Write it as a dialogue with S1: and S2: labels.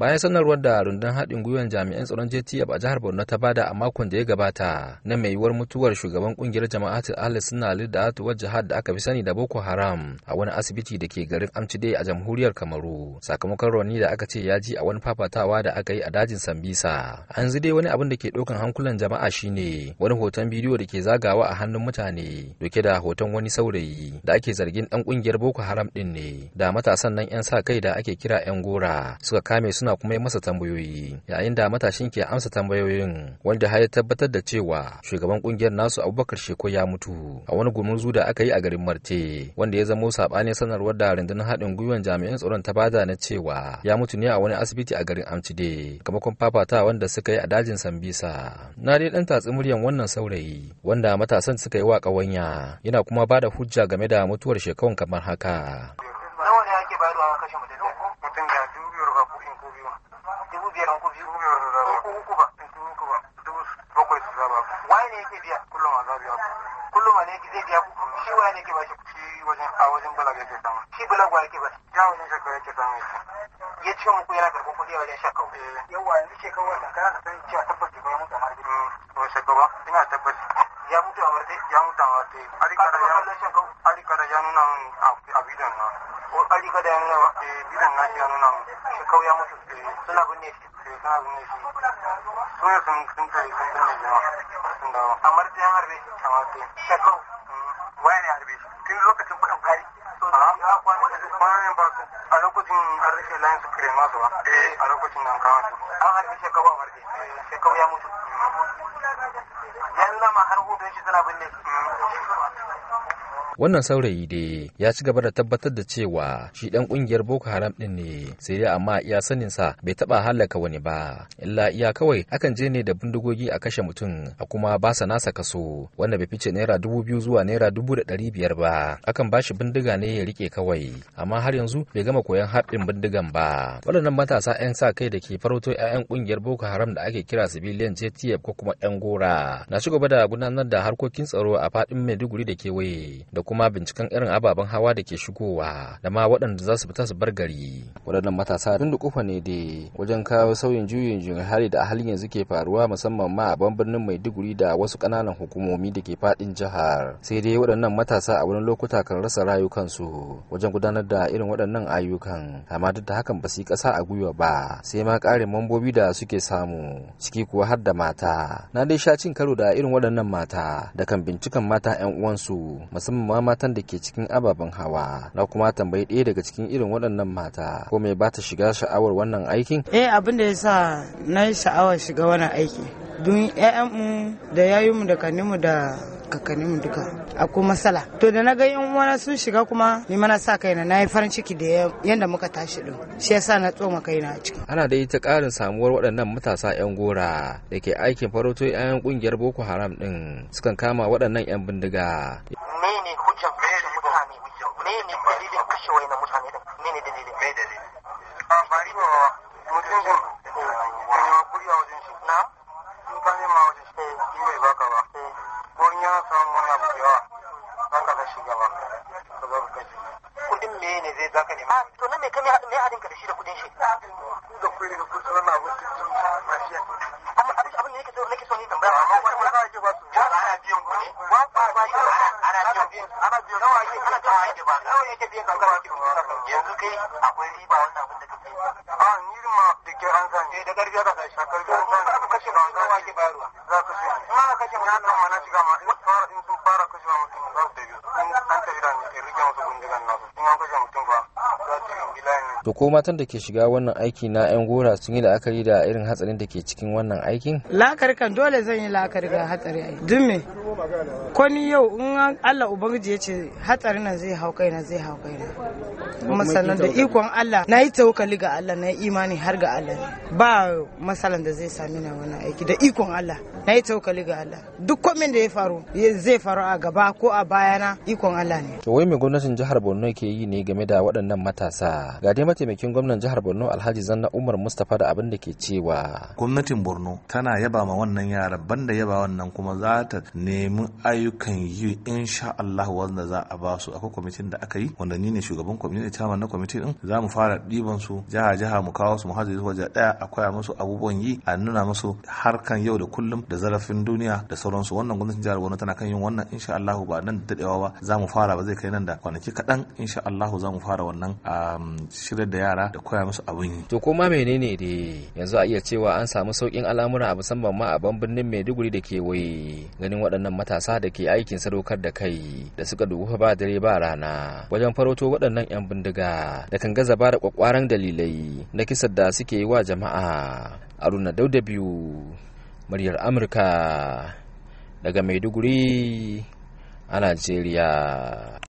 S1: bayan sanarwar da rundun haɗin gwiwar jami'an tsaron JTF a jihar Borno ta bada a makon da ya gabata na mai yiwuwar mutuwar shugaban kungiyar jama'atul ahli sunna lidatu wa jihar da aka fi sani da Boko Haram a wani asibiti da ke garin Amchide a jamhuriyar Kamaru sakamakon rauni da aka ce ya ji a wani fafatawa da aka yi a dajin Sambisa an dai wani abin da ke ɗaukan hankulan jama'a shine wani hoton bidiyo da ke zagawa a hannun mutane doke da hoton wani saurayi da ake zargin dan kungiyar Boko Haram ɗin ne da matasan nan 'yan sa kai da ake kira 'yan gora suka kame suna suna kuma yi masa tambayoyi yayin da matashin ke amsa tambayoyin wanda har ya tabbatar da cewa shugaban kungiyar nasu Abubakar Sheko ya mutu a wani gumurzu da aka yi a garin Marte wanda ya zamo sabanin sanarwar da rundunar haɗin gwiwar jami'an tsaron ta bada na cewa ya mutu ne a wani asibiti a garin Amcide kamakon fafata wanda suka yi a dajin Sambisa na dai dan tatsi muryan wannan saurayi wanda matasan suka yi wa ƙawanya yana kuma ba da hujja game da mutuwar shekawan kamar haka
S2: yake biya kullum a zabiya kullum a ne ki zai biya shi waya ne ke ba shi shi wajen a wajen bala yake samu shi bulag wa yake ba shi ja wajen shakka yake samu ya ce muku yana karɓar kuɗi wajen shakka yawa yanzu shekar wannan kana da sanin cewa tabbas ba ya mutu a marbe ba shakka ba ina tabbas ya mutu a marbe ya mutu a marbe alikara ya alikara ya nuna a bidan na ko alikara ya nuna eh, bidan na ya nuna shekau ya mutu eh, suna eh, ne shi suna ne shi suna sun kai sun binne dawo amma da yan harbe shi wato shekau mm. waya ne harbe shi tun lokacin kuɗin kai ya kwana da bayan ba su a lokacin an layin su kire masu ba eh. a lokacin da an kawo su an harbe shekau ba harbe eh, shekau ya mutu mm.
S1: yan lama har hudun shi tana binne mm. wannan saurayi dai ya ci gaba da tabbatar da cewa shi dan kungiyar boko haram din ne sai dai amma iya sanin sa bai taba halaka wani ba illa iya kawai akan je ne da bindigogi a kashe mutum a kuma ba sa nasa kaso wanda bai fice naira dubu biyu zuwa naira dubu da ɗari biyar ba akan ba shi bindiga ne ya rike kawai amma har yanzu bai gama koyan haɗin bindigan ba waɗannan matasa 'yan sa kai da ke farauto 'ya'yan kungiyar boko haram da ake kira civilian jtf ko kuma 'yan gora na ci gaba da gudanar da harkokin tsaro a faɗin maiduguri da kewaye da kuma binciken irin ababen hawa da ke shigowa da ma waɗanda za su fita su bar gari waɗannan matasa tun da ne dai wajen kawo sauyin juyin juyin hali da halin yanzu ke faruwa musamman ma a mai maiduguri da wasu ƙananan hukumomi da ke faɗin jihar sai dai waɗannan matasa a wani lokuta kan rasa rayukansu wajen gudanar da irin waɗannan ayyukan amma duk da hakan ba su yi ƙasa a gwiwa ba sai ma ƙarin mambobi da suke samu ciki kuwa har da mata na dai sha cin karo da irin waɗannan mata da kan bincikan mata 'yan uwansu musamman ma. matan da ke cikin ababen hawa na kuma tambayi ɗaya daga cikin irin waɗannan mata ko mai ba ta shiga sha'awar wannan aikin
S3: eh abin da yasa na yi sha'awar shiga wannan aiki don mu da yayinmu da kanninmu da kakanninmu duka akwai masala to da na ga yan uwana sun shiga kuma ni mana sa kaina na yi farin ciki da yadda muka tashi din shi yasa na tsoma kaina a ciki
S1: ana da ita karin samuwar waɗannan matasa yan gora da ke aikin faroto yayan kungiyar boko haram din sukan kama waɗannan yan bindiga
S2: wajen mutane ne ne dalilin kashe wayan mutane ne ne dalilin dalilin a ba mutum ne kuri a wajen shi na wajen shi baka ba ko in yana samun wani abu yawa ka ka kudin ne zai zaka nema to na hadin ka da shi da kudin shi da da kudin na da shi abin da nake so tambaya ana biyan nawa yake ana ta yake ba nawa yake biyan ka kawai yanzu kai akwai riba wannan abin da kake a ni ma da ke an san da ka sai shakar da wannan ka kashe nawa yake bayarwa za ka kashe mana shiga ma in fara in sun fara kashe mutum za su in an tafi
S1: da ni rike musu nasu in an kashe mutum ba za su yi to ko matan da ke shiga wannan aiki na yan gora sun yi la'akari da irin hatsarin da ke cikin wannan aikin
S3: la'akari kan dole zan yi la'akari ga hatsari ai dun me ko ni yau in Allah ubangiji ya ce hatsarin nan zai hau kaina zai hau kaina kuma sannan da ikon Allah na yi tawakkali ga Allah na yi imani har ga Allah ba masalan da zai sami na wannan aiki da ikon Allah na yi tawakkali ga Allah duk komin da ya faru zai faru a gaba ko a bayana ikon Allah ne
S1: to wai me gwamnatin jihar Borno ke yi ne game da waɗannan matasa ga dai mataimakin gwamnan jihar borno alhaji zanna umar mustapha da abin da ke cewa
S3: gwamnatin borno tana yaba ma wannan yara banda yaba wannan kuma za ta nemi ayyukan yi insha allah wanda za a ba su akwai kwamitin da aka yi wanda ni ne shugaban kwamitin da na kwamitin din za mu fara ɗiban su jiha jiha mu kawo su mu haɗa waje ɗaya a koya musu abubuwan yi a nuna musu harkan yau da kullum da zarafin duniya da sauransu wannan gwamnatin jihar borno tana kan yin wannan insha allah ba nan da daɗewa ba za mu fara ba zai kai nan da kwanaki kaɗan
S1: insha allah za mu fara wannan um, shirin koyar da yara da koya musu abin yi. To koma menene ne yanzu a iya cewa an samu saukin al'amura a musamman ma a ban birnin Maiduguri da ke kewaye ganin waɗannan matasa da ke aikin sadaukar da kai da suka dubu ba dare ba rana wajen faroto waɗannan 'yan bindiga da kan gaza ba da kwakwaran dalilai na kisar da suke yi wa jama'a. Aruna Dauda biyu muryar Amurka daga Maiduguri a Najeriya.